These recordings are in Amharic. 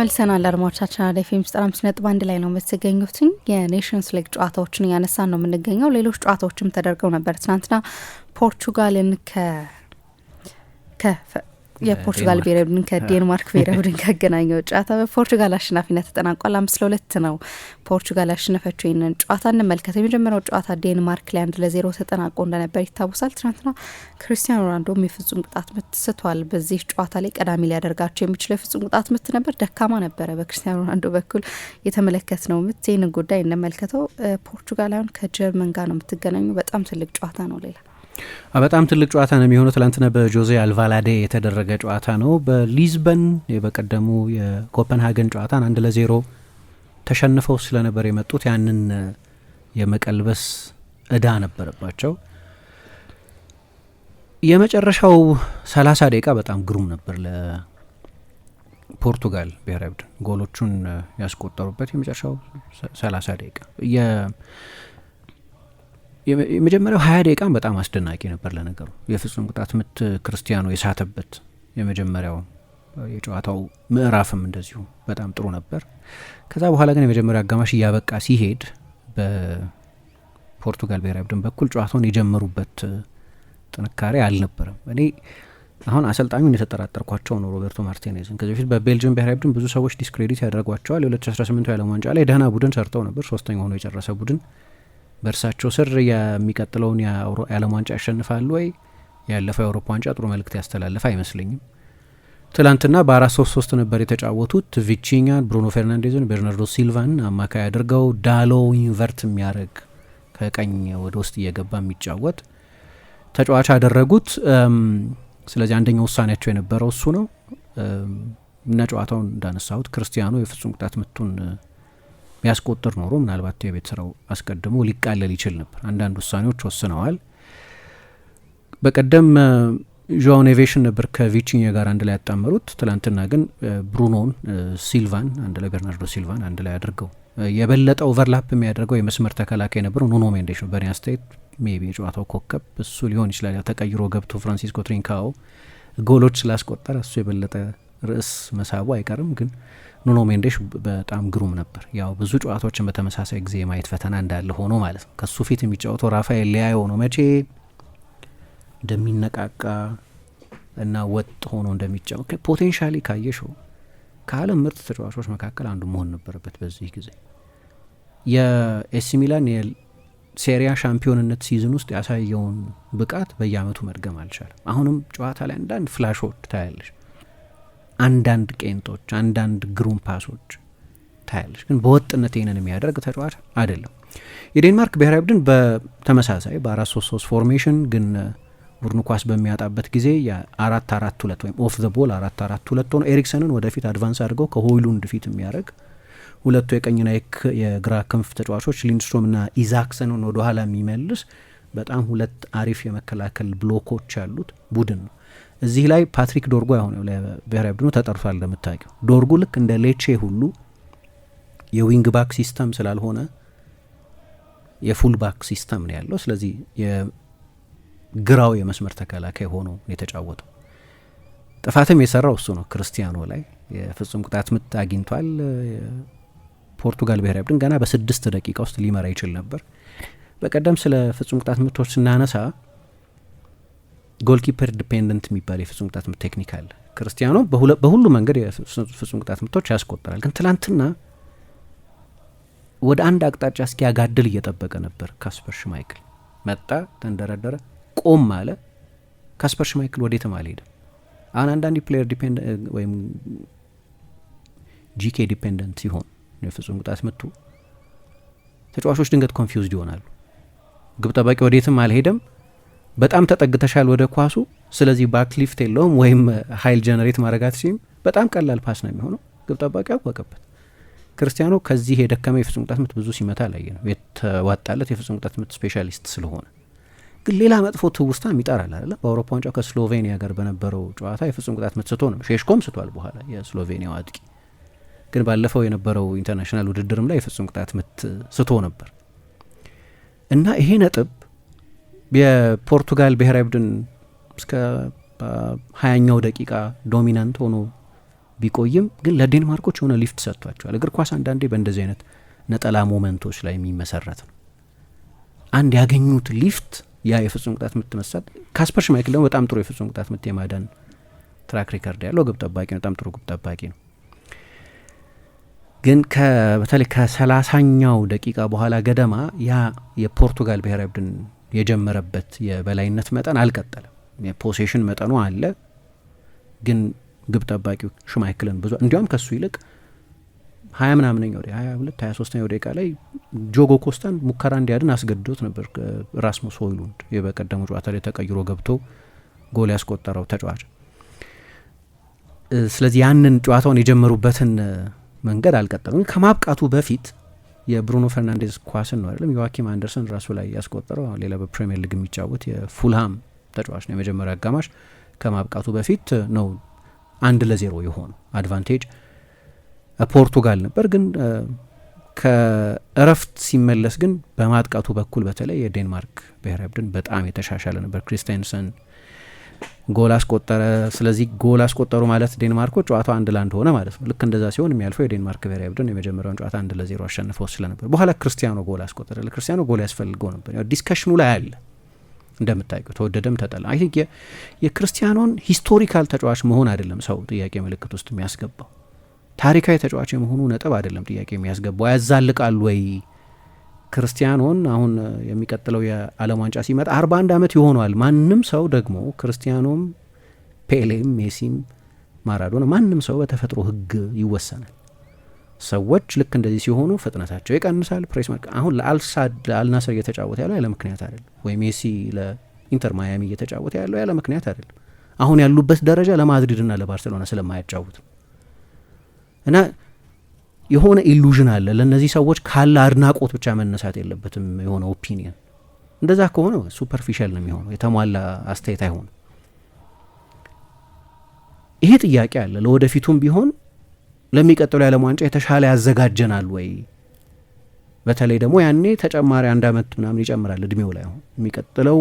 ተመልሰናል አድማጮቻችን፣ አራዳ ኤፍ ኤም ዘጠና አምስት ነጥብ አንድ ላይ ነው የምትገኙት። የኔሽንስ ሊግ ጨዋታዎችን እያነሳን ነው የምንገኘው። ሌሎች ጨዋታዎችም ተደርገው ነበር ትናንትና ፖርቹጋልን ከ የፖርቱጋል ብሔራዊ ቡድን ከዴንማርክ ብሔራዊ ቡድን ካገናኘው ጨዋታ በፖርቱጋል አሸናፊነት ተጠናቋል። አምስት ለሁለት ነው ፖርቱጋል ያሸነፈችው። ይህንን ጨዋታ እንመልከት። የመጀመሪያው ጨዋታ ዴንማርክ ላይ አንድ ለዜሮ ተጠናቆ እንደነበር ይታወሳል። ትናንትና ክሪስቲያኖ ሮናልዶም የፍጹም ቅጣት ምት ስቷል። በዚህ ጨዋታ ላይ ቀዳሚ ሊያደርጋቸው የሚችለው የፍጹም ቅጣት ምት ነበር። ደካማ ነበረ። በክሪስቲያኖ ሮናልዶ በኩል የተመለከት ነው ምት። ይህንን ጉዳይ እንመልከተው። ፖርቱጋላውያን ከጀርመን ጋር ነው የምትገናኙ። በጣም ትልቅ ጨዋታ ነው። ሌላ በጣም ትልቅ ጨዋታ ነው የሚሆነው። ትላንትና በጆዜ አልቫላዴ የተደረገ ጨዋታ ነው። በሊዝበን በቀደሙ የኮፐንሃገን ጨዋታን አንድ ለዜሮ ተሸንፈው ስለነበር የመጡት ያንን የመቀልበስ እዳ ነበረባቸው። የመጨረሻው 30 ደቂቃ በጣም ግሩም ነበር ለፖርቱጋል ብሔራዊ ቡድን ጎሎቹን ያስቆጠሩበት የመጨረሻው 30 ደቂቃ የመጀመሪያው ሀያ ደቂቃን በጣም አስደናቂ ነበር። ለነገሩ የፍጹም ቅጣት ምት ክርስቲያኖ የሳተበት የመጀመሪያው የጨዋታው ምዕራፍም እንደዚሁ በጣም ጥሩ ነበር። ከዛ በኋላ ግን የመጀመሪያው አጋማሽ እያበቃ ሲሄድ በፖርቱጋል ብሔራዊ ቡድን በኩል ጨዋታውን የጀመሩበት ጥንካሬ አልነበረም። እኔ አሁን አሰልጣኙን የተጠራጠርኳቸው ነው ሮቤርቶ ማርቲኔዝን። ከዚህ በፊት በቤልጅየም ብሔራዊ ቡድን ብዙ ሰዎች ዲስክሬዲት ያደርጓቸዋል። የ2018 ዓለም ዋንጫ ላይ ደህና ቡድን ሰርተው ነበር። ሶስተኛ ሆኖ የጨረሰ ቡድን በእርሳቸው ስር የሚቀጥለውን የዓለም ዋንጫ ያሸንፋሉ ወይ? ያለፈው የአውሮፓ ዋንጫ ጥሩ መልእክት ያስተላለፈ አይመስለኝም። ትላንትና በአራት ሶስት ሶስት ነበር የተጫወቱት። ቪቺኛን፣ ብሩኖ ፌርናንዴዝን፣ ቤርናርዶ ሲልቫን አማካይ አድርገው ዳሎ ኢንቨርት የሚያደርግ ከቀኝ ወደ ውስጥ እየገባ የሚጫወት ተጫዋች አደረጉት። ስለዚህ አንደኛው ውሳኔያቸው የነበረው እሱ ነው እና ጨዋታውን እንዳነሳሁት ክርስቲያኖ የፍጹም ቅጣት ምቱን ቢያስቆጥር ኖሮ ምናልባት የቤት ስራው አስቀድሞ ሊቃለል ይችል ነበር። አንዳንድ ውሳኔዎች ወስነዋል። በቀደም ዣኦ ኔቬሽን ነበር ከቪቺኛ ጋር አንድ ላይ ያጣመሩት። ትላንትና ግን ብሩኖን ሲልቫን አንድ ላይ ቤርናርዶ ሲልቫን አንድ ላይ አድርገው የበለጠ ኦቨርላፕ የሚያደርገው የመስመር ተከላካይ የነበረው ኑኖ ሜንዴሽ ነው። በእኔ አስተያየት ሜቢ የጨዋታው ኮከብ እሱ ሊሆን ይችላል። ተቀይሮ ገብቶ ፍራንሲስኮ ትሪንካኦ ጎሎች ስላስቆጠረ እሱ የበለጠ ርዕስ መሳቡ አይቀርም። ግን ኑኖ ሜንዴሽ በጣም ግሩም ነበር። ያው ብዙ ጨዋታዎችን በተመሳሳይ ጊዜ የማየት ፈተና እንዳለ ሆኖ ማለት ነው። ከሱ ፊት የሚጫወተው ራፋኤል ሊያዮ ነው። መቼ እንደሚነቃቃ እና ወጥ ሆኖ እንደሚጫወት ፖቴንሻሊ ካየሽው ከዓለም ምርጥ ተጫዋቾች መካከል አንዱ መሆን ነበረበት። በዚህ ጊዜ የኤሲ ሚላን የሴሪያ ሻምፒዮንነት ሲዝን ውስጥ ያሳየውን ብቃት በየአመቱ መድገም አልቻለም። አሁንም ጨዋታ ላይ አንዳንድ ፍላሾች ታያለች። አንዳንድ ቄንጦች፣ አንዳንድ ግሩም ፓሶች ታያለች። ግን በወጥነት ይህንን የሚያደርግ ተጫዋች አይደለም። የዴንማርክ ብሔራዊ ቡድን በተመሳሳይ በአራት ሶስት ሶስት ፎርሜሽን ግን ቡድኑ ኳስ በሚያጣበት ጊዜ የአራት አራት ሁለት ወይም ኦፍ ዘ ቦል አራት አራት ሁለት ሆኖ ኤሪክሰንን ወደፊት አድቫንስ አድርገው ከሆይሉንድ ፊት የሚያደርግ ሁለቱ የቀኝና የግራ ክንፍ ተጫዋቾች ሊንድስትሮምና ኢዛክሰንን ወደኋላ የሚመልስ በጣም ሁለት አሪፍ የመከላከል ብሎኮች ያሉት ቡድን ነው። እዚህ ላይ ፓትሪክ ዶርጎ አሁን ለብሔራዊ ቡድኑ ተጠርቷል። እንደምታውቂው ዶርጉ ልክ እንደ ሌቼ ሁሉ የዊንግ ባክ ሲስተም ስላልሆነ የፉል ባክ ሲስተም ነው ያለው። ስለዚህ የግራው የመስመር ተከላካይ ሆኖ የተጫወተው ጥፋትም የሰራው እሱ ነው። ክርስቲያኖ ላይ የፍጹም ቅጣት ምት አግኝቷል። ፖርቱጋል ብሔራዊ ቡድን ገና በስድስት ደቂቃ ውስጥ ሊመራ ይችል ነበር። በቀደም ስለ ፍጹም ቅጣት ምቶች ስናነሳ ጎልኪፐር ዲፔንደንት የሚባል የፍጹም ቅጣት ምት ቴክኒክ አለ። ክርስቲያኖ በሁሉ መንገድ የፍጹም ቅጣት ምቶች ያስቆጠራል። ግን ትላንትና ወደ አንድ አቅጣጫ እስኪያጋድል እየጠበቀ ነበር። ካስፐር ሽማይክል መጣ፣ ተንደረደረ፣ ቆም አለ። ካስፐር ሽማይክል ወዴትም አልሄደም። አሁን አንዳንድ ፕሌየር ወይም ጂኬ ዲፔንደንት ሲሆን የፍጹም ቅጣት ምቱ ተጫዋቾች ድንገት ኮንፊውዝድ ይሆናሉ። ግብ ጠባቂ ወዴትም አልሄደም በጣም ተጠግተሻል ወደ ኳሱ። ስለዚህ ባክሊፍት የለውም ወይም ሀይል ጀነሬት ማድረጋት ሲም በጣም ቀላል ፓስ ነው የሚሆነው። ግብ ጠባቂ ያወቀበት ክርስቲያኖ ከዚህ የደከመ የፍጹም ቅጣት ምት ብዙ ሲመታ ላየ ነው የተዋጣለት የፍጹም ቅጣት ምት ስፔሻሊስት ስለሆነ ግን ሌላ መጥፎ ትውስታ ይጠራል አለ። በአውሮፓ ዋንጫው ከስሎቬኒያ ጋር በነበረው ጨዋታ የፍጹም ቅጣት ምት ስቶ ነው ሼሽኮም ስቷል። በኋላ የስሎቬኒያው አጥቂ ግን ባለፈው የነበረው ኢንተርናሽናል ውድድርም ላይ የፍጹም ቅጣት ምት ስቶ ነበር እና ይሄ ነጥብ የፖርቱጋል ብሔራዊ ቡድን እስከ ሀያኛው ደቂቃ ዶሚናንት ሆኖ ቢቆይም ግን ለዴንማርኮች የሆነ ሊፍት ሰጥቷቸዋል። እግር ኳስ አንዳንዴ በእንደዚህ አይነት ነጠላ ሞመንቶች ላይ የሚመሰረት ነው። አንድ ያገኙት ሊፍት ያ የፍጹም ቅጣት ምት መሳት ካስፐር ሽማይክል ደግሞ በጣም ጥሩ የፍጹም ቅጣት ምት የማዳን ትራክ ሪከርድ ያለው ግብ ጠባቂ ነው። በጣም ጥሩ ግብ ጠባቂ ነው። ግን በተለይ ከሰላሳኛው ደቂቃ በኋላ ገደማ ያ የፖርቱጋል ብሔራዊ ቡድን የጀመረበት የበላይነት መጠን አልቀጠለም። የፖሴሽን መጠኑ አለ፣ ግን ግብ ጠባቂው ሽማይክልን ብዙ እንዲያውም ከሱ ይልቅ ሀያ ምናምነኛ ወደ ሀያ ሁለት ሀያ ሶስተኛ ደቂቃ ላይ ጆጎ ኮስታን ሙከራ እንዲያድን አስገድዶት ነበር። ራስሙስ ሆይሉንድ የበቀደሙ ጨዋታ ላይ ተቀይሮ ገብቶ ጎል ያስቆጠረው ተጫዋች። ስለዚህ ያንን ጨዋታውን የጀመሩበትን መንገድ አልቀጠሉም። ከማብቃቱ በፊት የብሩኖ ፈርናንዴዝ ኳስን ነው አይደለም ዮዋኪም አንደርሰን ራሱ ላይ ያስቆጠረው። ሌላ በፕሪምየር ሊግ የሚጫወት የፉልሃም ተጫዋች ነው። የመጀመሪያ አጋማሽ ከማብቃቱ በፊት ነው አንድ ለዜሮ የሆኑ አድቫንቴጅ ፖርቱጋል ነበር። ግን ከእረፍት ሲመለስ ግን በማጥቃቱ በኩል በተለይ የዴንማርክ ብሔራዊ ቡድን በጣም የተሻሻለ ነበር ክሪስቲያንሰን ጎል አስቆጠረ። ስለዚህ ጎል አስቆጠሩ ማለት ዴንማርኮች ጨዋታው አንድ ለአንድ ሆነ ማለት ነው። ልክ እንደዛ ሲሆን የሚያልፈው የዴንማርክ ብሔራዊ ቡድን የመጀመሪያውን ጨዋታ አንድ ለዜሮ አሸንፈው ስለነበር በኋላ ክርስቲያኖ ጎል አስቆጠረ። ለክርስቲያኖ ጎል ያስፈልገው ነበር። ያው ዲስከሽኑ ላይ አለ እንደምታውቁ ተወደደም ተጠላ። አይ ቲንክ የክርስቲያኖን ሂስቶሪካል ተጫዋች መሆን አይደለም ሰው ጥያቄ ምልክት ውስጥ የሚያስገባው ታሪካዊ ተጫዋች የመሆኑ ነጥብ አይደለም ጥያቄ የሚያስገባው ያዛልቃል ወይ ክርስቲያኖን አሁን የሚቀጥለው የዓለም ዋንጫ ሲመጣ አርባ አንድ ዓመት ይሆኗል ማንም ሰው ደግሞ ክርስቲያኖም፣ ፔሌም፣ ሜሲም፣ ማራዶና ማንም ሰው በተፈጥሮ ህግ ይወሰናል። ሰዎች ልክ እንደዚህ ሲሆኑ ፍጥነታቸው ይቀንሳል። ፕሬስ አሁን ለአልሳድ ለአልናስር እየተጫወተ ያለው ያለ ምክንያት አይደለም። ወይ ሜሲ ለኢንተር ማያሚ እየተጫወተ ያለው ያለ ምክንያት አይደለም። አሁን ያሉበት ደረጃ ለማድሪድና ለባርሴሎና ስለማያጫውት እና የሆነ ኢሉዥን አለ ለእነዚህ ሰዎች ካለ አድናቆት ብቻ መነሳት የለበትም። የሆነ ኦፒኒየን እንደዛ ከሆነ ሱፐርፊሻል ነው የሚሆነው፣ የተሟላ አስተያየት አይሆንም። ይሄ ጥያቄ አለ። ለወደፊቱም ቢሆን ለሚቀጥለው የዓለም ዋንጫ የተሻለ ያዘጋጀናል ወይ? በተለይ ደግሞ ያኔ ተጨማሪ አንድ አመት ምናምን ይጨምራል እድሜው ላይ። አሁን የሚቀጥለው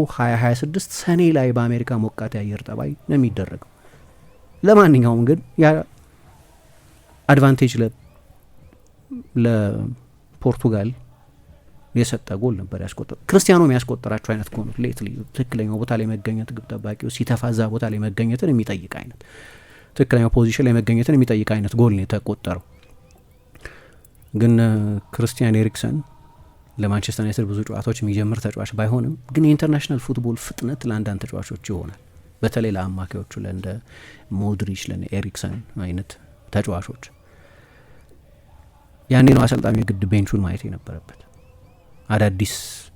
ስድስት ሰኔ ላይ በአሜሪካ ሞቃት የአየር ጠባይ ነው የሚደረገው። ለማንኛውም ግን ያ አድቫንቴጅ ለፖርቱጋል የሰጠ ጎል ነበር ያስቆጠሩ ክርስቲያኖ የሚያስቆጠራቸው አይነት ከሆኑ ሌት ልዩ ትክክለኛው ቦታ ላይ መገኘት ግብ ጠባቂው ሲተፋ እዛ ቦታ ላይ መገኘትን የሚጠይቅ አይነት ትክክለኛው ፖዚሽን ላይ መገኘትን የሚጠይቅ አይነት ጎል ነው የተቆጠረው። ግን ክርስቲያን ኤሪክሰን ለማንቸስተር ዩናይትድ ብዙ ጨዋታዎች የሚጀምር ተጫዋች ባይሆንም ግን የኢንተርናሽናል ፉትቦል ፍጥነት ለአንዳንድ ተጫዋቾች ይሆናል። በተለይ ለአማካዮቹ ለእንደ ሞድሪች ለእንደ ኤሪክሰን አይነት ተጫዋቾች ያኔ ነው አሰልጣኙ የግድ ቤንቹን ማየት የነበረበት፣ አዳዲስ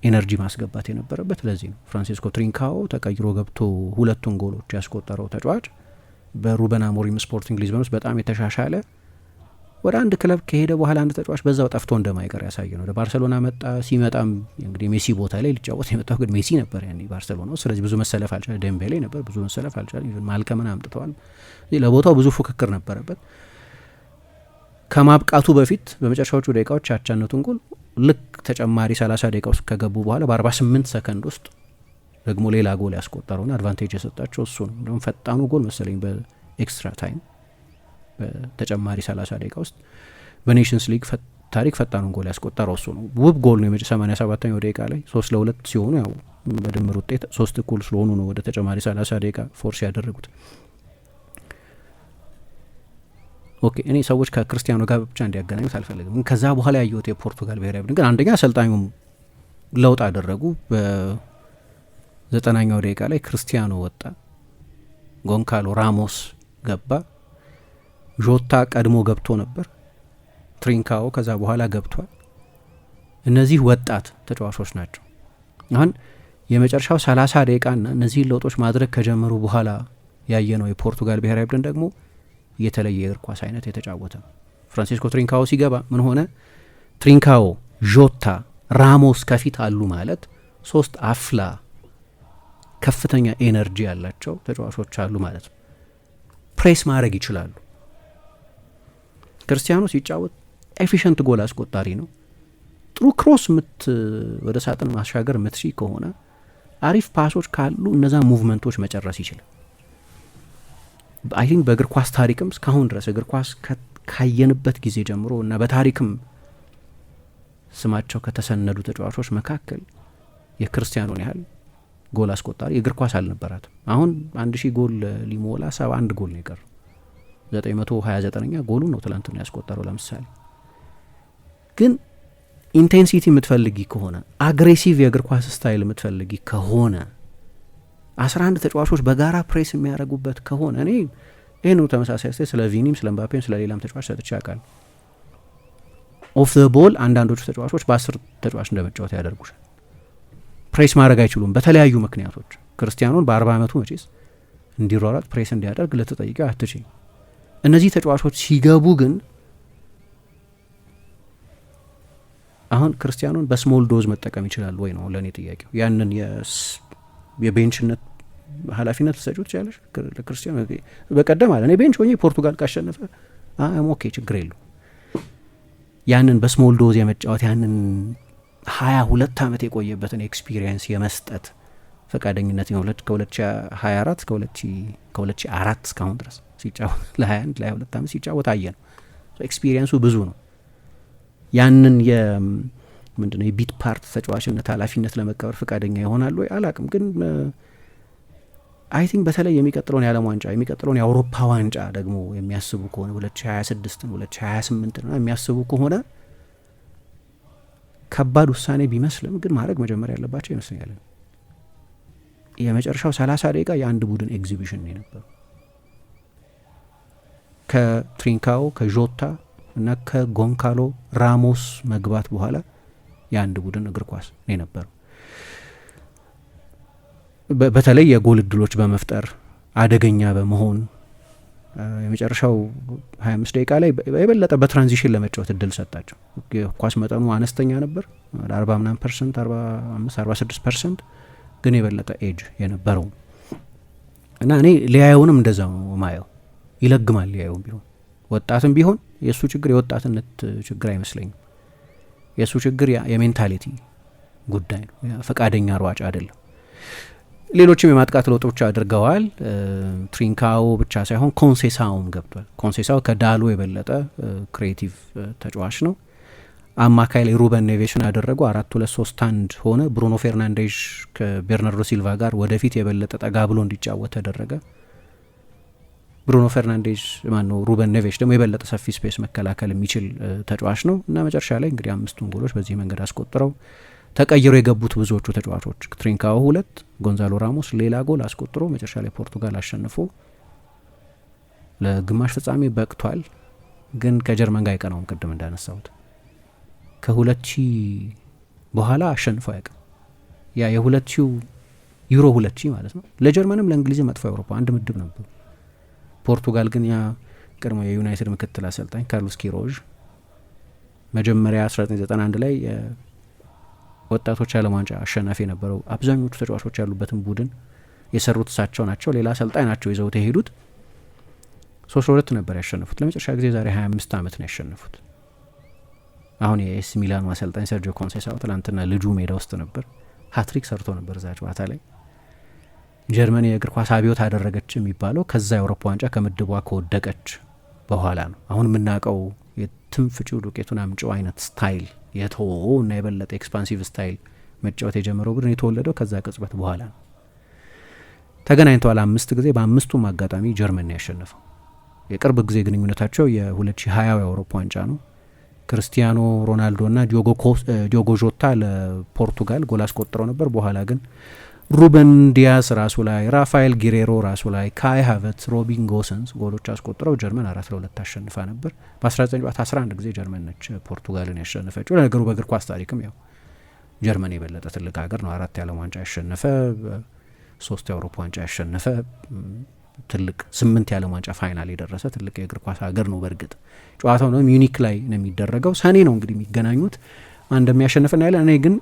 ኤነርጂ ማስገባት የነበረበት። ለዚህ ነው ፍራንሲስኮ ትሪንካው ተቀይሮ ገብቶ ሁለቱን ጎሎች ያስቆጠረው ተጫዋች በሩበን አሞሪም ስፖርቲንግ ሊዝበን ውስጥ በጣም የተሻሻለ ወደ አንድ ክለብ ከሄደ በኋላ አንድ ተጫዋች በዛው ጠፍቶ እንደማይቀር ያሳየ ነው። ወደ ባርሰሎና መጣ። ሲመጣም እንግዲህ ሜሲ ቦታ ላይ ሊጫወት የመጣው ግን ሜሲ ነበር ያኔ ባርሰሎና ውስጥ። ስለዚህ ብዙ መሰለፍ አልቻለ። ደምቤሌ ነበር ብዙ መሰለፍ አልቻለ። ማልከምን አምጥተዋል። ለቦታው ብዙ ፉክክር ነበረበት። ከማብቃቱ በፊት በመጨረሻዎቹ ደቂቃዎች ያቻነቱን ጎል ልክ ተጨማሪ 30 ደቂቃ ውስጥ ከገቡ በኋላ በ48 ሰከንድ ውስጥ ደግሞ ሌላ ጎል ያስቆጠረውና አድቫንቴጅ የሰጣቸው እሱ ነው። እንደውም ፈጣኑ ጎል መሰለኝ በኤክስትራ ታይም በተጨማሪ 30 ደቂቃ ውስጥ በኔሽንስ ሊግ ታሪክ ፈጣኑን ጎል ያስቆጠረው እሱ ነው። ውብ ጎል ነው። የመጨ 87ኛው ደቂቃ ላይ ሶስት ለሁለት ሲሆኑ ያው በድምር ውጤት ሶስት እኩል ስለሆኑ ነው ወደ ተጨማሪ 30 ደቂቃ ፎርስ ያደረጉት። ኦኬ እኔ ሰዎች ከክርስቲያኖ ጋር ብቻ እንዲያገናኙት አልፈልግም። ግን ከዛ በኋላ ያየሁት የፖርቱጋል ብሔራዊ ቡድን ግን አንደኛ አሰልጣኙም ለውጥ አደረጉ። በዘጠናኛው ደቂቃ ላይ ክርስቲያኖ ወጣ፣ ጎንካሎ ራሞስ ገባ፣ ዦታ ቀድሞ ገብቶ ነበር፣ ትሪንካዎ ከዛ በኋላ ገብቷል። እነዚህ ወጣት ተጫዋቾች ናቸው። አሁን የመጨረሻው ደቂቃ ደቂቃና እነዚህን ለውጦች ማድረግ ከጀመሩ በኋላ ያየ ነው የፖርቱጋል ብሔራዊ ቡድን ደግሞ የተለየ የእግር ኳስ አይነት የተጫወተ ነው። ፍራንሲስኮ ትሪንካዎ ሲገባ ምን ሆነ? ትሪንካዎ፣ ዦታ፣ ራሞስ ከፊት አሉ ማለት ሶስት አፍላ ከፍተኛ ኤነርጂ ያላቸው ተጫዋቾች አሉ ማለት ነው። ፕሬስ ማድረግ ይችላሉ። ክርስቲያኖ ሲጫወት ኤፊሽንት ጎል አስቆጣሪ ነው። ጥሩ ክሮስ ምት ወደ ሳጥን ማሻገር ምትሺ ከሆነ አሪፍ ፓሶች ካሉ እነዛ ሙቭመንቶች መጨረስ ይችላል። አይ ቲንክ በእግር ኳስ ታሪክም እስካሁን ድረስ እግር ኳስ ካየንበት ጊዜ ጀምሮ እና በታሪክም ስማቸው ከተሰነዱ ተጫዋቾች መካከል የክርስቲያኖን ያህል ጎል አስቆጣሪ እግር ኳስ አልነበራትም። አሁን አንድ ሺህ ጎል ሊሞላ ሰባ አንድ ጎል ነው የቀረው። ዘጠኝ መቶ ሀያ ዘጠነኛ ጎሉ ነው ትላንት ነው ያስቆጠረው። ለምሳሌ ግን ኢንቴንሲቲ የምትፈልጊ ከሆነ አግሬሲቭ የእግር ኳስ ስታይል የምትፈልጊ ከሆነ አስራ አንድ ተጫዋቾች በጋራ ፕሬስ የሚያደርጉበት ከሆነ እኔ ይህን ተመሳሳይ ስቴ ስለ ቪኒም ስለ ምባፔም ስለ ሌላም ተጫዋች ሰጥቼ አውቃለሁ። ኦፍ ዘ ቦል አንዳንዶቹ ተጫዋቾች በአስር ተጫዋች እንደመጫወት ያደርጉሻል። ፕሬስ ማድረግ አይችሉም በተለያዩ ምክንያቶች። ክርስቲያኖን በአርባ ዓመቱ መቼስ እንዲሯሯጥ ፕሬስ እንዲያደርግ ልትጠይቂው አትች እነዚህ ተጫዋቾች ሲገቡ ግን አሁን ክርስቲያኑን በስሞል ዶዝ መጠቀም ይችላል ወይ ነው ለእኔ ጥያቄው። ያንን የቤንችነት ኃላፊነት ልሰጪው ትችላለሽ ለክርስቲያኖ። በቀደም አለ እኔ ቤንች ሆኜ ፖርቱጋል ካሸነፈ ሞኬ ችግር የለው። ያንን በስሞል ዶዝ የመጫወት ያንን ሀያ ሁለት ዓመት የቆየበትን ኤክስፒሪየንስ የመስጠት ፈቃደኝነት ሀያ አራት 2024 እስከ አራት እስካሁን ድረስ ሲጫወት ለ21 ለ22 ዓመት ሲጫወት አየ ነው ኤክስፒሪየንሱ ብዙ ነው። ያንን ምንድነው የቢት ፓርት ተጫዋችነት ኃላፊነት ለመቀበር ፈቃደኛ ይሆናሉ ወይ አላቅም። ግን አይ ቲንክ በተለይ የሚቀጥለውን የዓለም ዋንጫ የሚቀጥለውን የአውሮፓ ዋንጫ ደግሞ የሚያስቡ ከሆነ 2026ን 2028 የሚያስቡ ከሆነ ከባድ ውሳኔ ቢመስልም ግን ማድረግ መጀመሪያ ያለባቸው ይመስለኛል። የመጨረሻው 30 ደቂቃ የአንድ ቡድን ኤግዚቢሽን ነው የነበረው ከትሪንካው ከዦታ እና ከጎንካሎ ራሞስ መግባት በኋላ የአንድ ቡድን እግር ኳስ ነው የነበረው። በተለይ የጎል እድሎች በመፍጠር አደገኛ በመሆን የመጨረሻው አምስት ደቂቃ ላይ የበለጠ በትራንዚሽን ለመጫወት እድል ሰጣቸው። ኳስ መጠኑ አነስተኛ ነበር፣ ወደ ምናምን ፐርሰንት አርባ ስድስት ፐርሰንት ግን የበለጠ ኤጅ የነበረው እና እኔ ሊያየውንም እንደዛ ነው ማየው። ይለግማል ሊያየውም ቢሆን ወጣትም ቢሆን የእሱ ችግር የወጣትነት ችግር አይመስለኝም። የእሱ ችግር የሜንታሊቲ ጉዳይ ነው። ፈቃደኛ ሯጭ አይደለም። ሌሎችም የማጥቃት ለውጦች አድርገዋል። ትሪንካው ብቻ ሳይሆን ኮንሴሳውም ገብቷል። ኮንሴሳው ከዳሎ የበለጠ ክሬቲቭ ተጫዋች ነው። አማካይ ላይ ሩበን ኔቬሽን ያደረጉ አራት ሁለት ሶስት አንድ ሆነ። ብሩኖ ፌርናንዴዥ ከቤርናርዶ ሲልቫ ጋር ወደፊት የበለጠ ጠጋ ብሎ እንዲጫወት ተደረገ። ብሩኖ ፈርናንዴዝ ማነው ሩበን ኔቬሽ ደግሞ የበለጠ ሰፊ ስፔስ መከላከል የሚችል ተጫዋች ነው እና መጨረሻ ላይ እንግዲህ አምስቱን ጎሎች በዚህ መንገድ አስቆጥረው ተቀይሮ የገቡት ብዙዎቹ ተጫዋቾች ትሪንካዎ ሁለት፣ ጎንዛሎ ራሞስ ሌላ ጎል አስቆጥሮ መጨረሻ ላይ ፖርቱጋል አሸንፎ ለግማሽ ፍጻሜ በቅቷል። ግን ከጀርመን ጋር አይቀናውም። ቅድም እንዳነሳሁት ከሁለት ሺህ በኋላ አሸንፎ አያውቅም። ያ የሁለት ሺው ዩሮ ሁለት ሺህ ማለት ነው። ለጀርመንም ለእንግሊዝም መጥፎ አውሮፓ አንድ ምድብ ነበሩ። ፖርቱጋል ግን ያ ቅድሞ የዩናይትድ ምክትል አሰልጣኝ ካርሎስ ኪሮዥ መጀመሪያ 1991 ላይ ወጣቶች ዓለም ዋንጫ አሸናፊ የነበረው አብዛኞቹ ተጫዋቾች ያሉበትን ቡድን የሰሩት እሳቸው ናቸው። ሌላ አሰልጣኝ ናቸው ይዘውት የሄዱት። ሶስት ለሁለት ነበር ያሸነፉት። ለመጨረሻ ጊዜ ዛሬ 25 ዓመት ነው ያሸነፉት። አሁን የኤስ ሚላኑ አሰልጣኝ ሰርጂዮ ኮንሴሳው ትላንትና ልጁ ሜዳ ውስጥ ነበር። ሀትሪክ ሰርቶ ነበር እዛ ጨዋታ ላይ። ጀርመን የእግር ኳስ አብዮት አደረገች የሚባለው ከዛ የአውሮፓ ዋንጫ ከምድቧ ከወደቀች በኋላ ነው። አሁን የምናውቀው የትንፍጪው ዱቄቱን አምጪው አይነት ስታይል የተወ እና የበለጠ ኤክስፓንሲቭ ስታይል መጫወት የጀመረው ቡድን የተወለደው ከዛ ቅጽበት በኋላ ነው። ተገናኝተዋል አምስት ጊዜ። በአምስቱም አጋጣሚ ጀርመን ነው ያሸነፈው። የቅርብ ጊዜ ግንኙነታቸው የ2020 የአውሮፓ ዋንጫ ነው። ክርስቲያኖ ሮናልዶ እና ዲዮጎ ጆታ ለፖርቱጋል ጎል አስቆጥረው ነበር። በኋላ ግን ሩበን ዲያስ ራሱ ላይ፣ ራፋኤል ጊሬሮ ራሱ ላይ፣ ካይ ሀቨት ሮቢን ጎሰንስ ጎሎች አስቆጥረው ጀርመን አራት ለሁለት አሸንፋ ነበር። 11 ጊዜ ጀርመን ነች ፖርቱጋልን ያሸነፈችው። ለነገሩ በእግር ኳስ ታሪክም ያው ጀርመን የበለጠ ትልቅ ሀገር ነው። አራት የዓለም ዋንጫ ያሸነፈ፣ ሶስት የአውሮፓ ዋንጫ ያሸነፈ ትልቅ ስምንት የዓለም ዋንጫ ፋይናል የደረሰ ትልቅ የእግር ኳስ ሀገር ነው። በእርግጥ ጨዋታው ነው ሚዩኒክ ላይ ነው የሚደረገው። ሰኔ ነው እንግዲህ የሚገናኙት አንድ የሚያሸንፍና ያለ እኔ ግን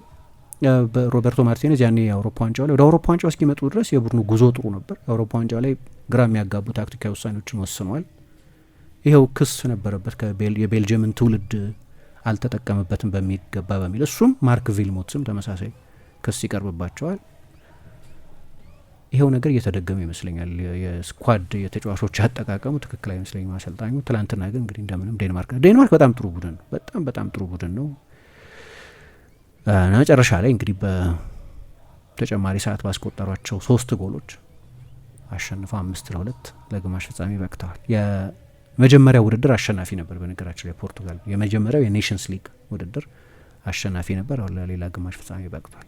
በሮበርቶ ማርቲኔዝ ያኔ የአውሮፓ ዋንጫ ላይ ወደ አውሮፓ ዋንጫ እስኪመጡ ድረስ የቡድኑ ጉዞ ጥሩ ነበር። የአውሮፓ ዋንጫ ላይ ግራ የሚያጋቡ ታክቲካዊ ውሳኔዎችን ወስነዋል። ይኸው ክስ ነበረበት የቤልጅየምን ትውልድ አልተጠቀምበትም በሚገባ በሚል እሱም ማርክ ቪልሞትስም ተመሳሳይ ክስ ይቀርብባቸዋል። ይኸው ነገር እየተደገመ ይመስለኛል። የስኳድ የተጫዋቾች አጠቃቀሙ ትክክል አይመስለኝም አሰልጣኙ። ትላንትና ግን እንግዲህ እንደምንም ዴንማርክ ዴንማርክ በጣም ጥሩ ቡድን ነው። በጣም በጣም ጥሩ ቡድን ነው። መጨረሻ ላይ እንግዲህ በተጨማሪ ሰዓት ባስቆጠሯቸው ሶስት ጎሎች አሸንፈው አምስት ለሁለት ለግማሽ ፍጻሜ በቅተዋል። የመጀመሪያ ውድድር አሸናፊ ነበር። በነገራችን ላይ ፖርቱጋል የመጀመሪያው የኔሽንስ ሊግ ውድድር አሸናፊ ነበር። አሁን ለሌላ ግማሽ ፍጻሜ በቅቷል።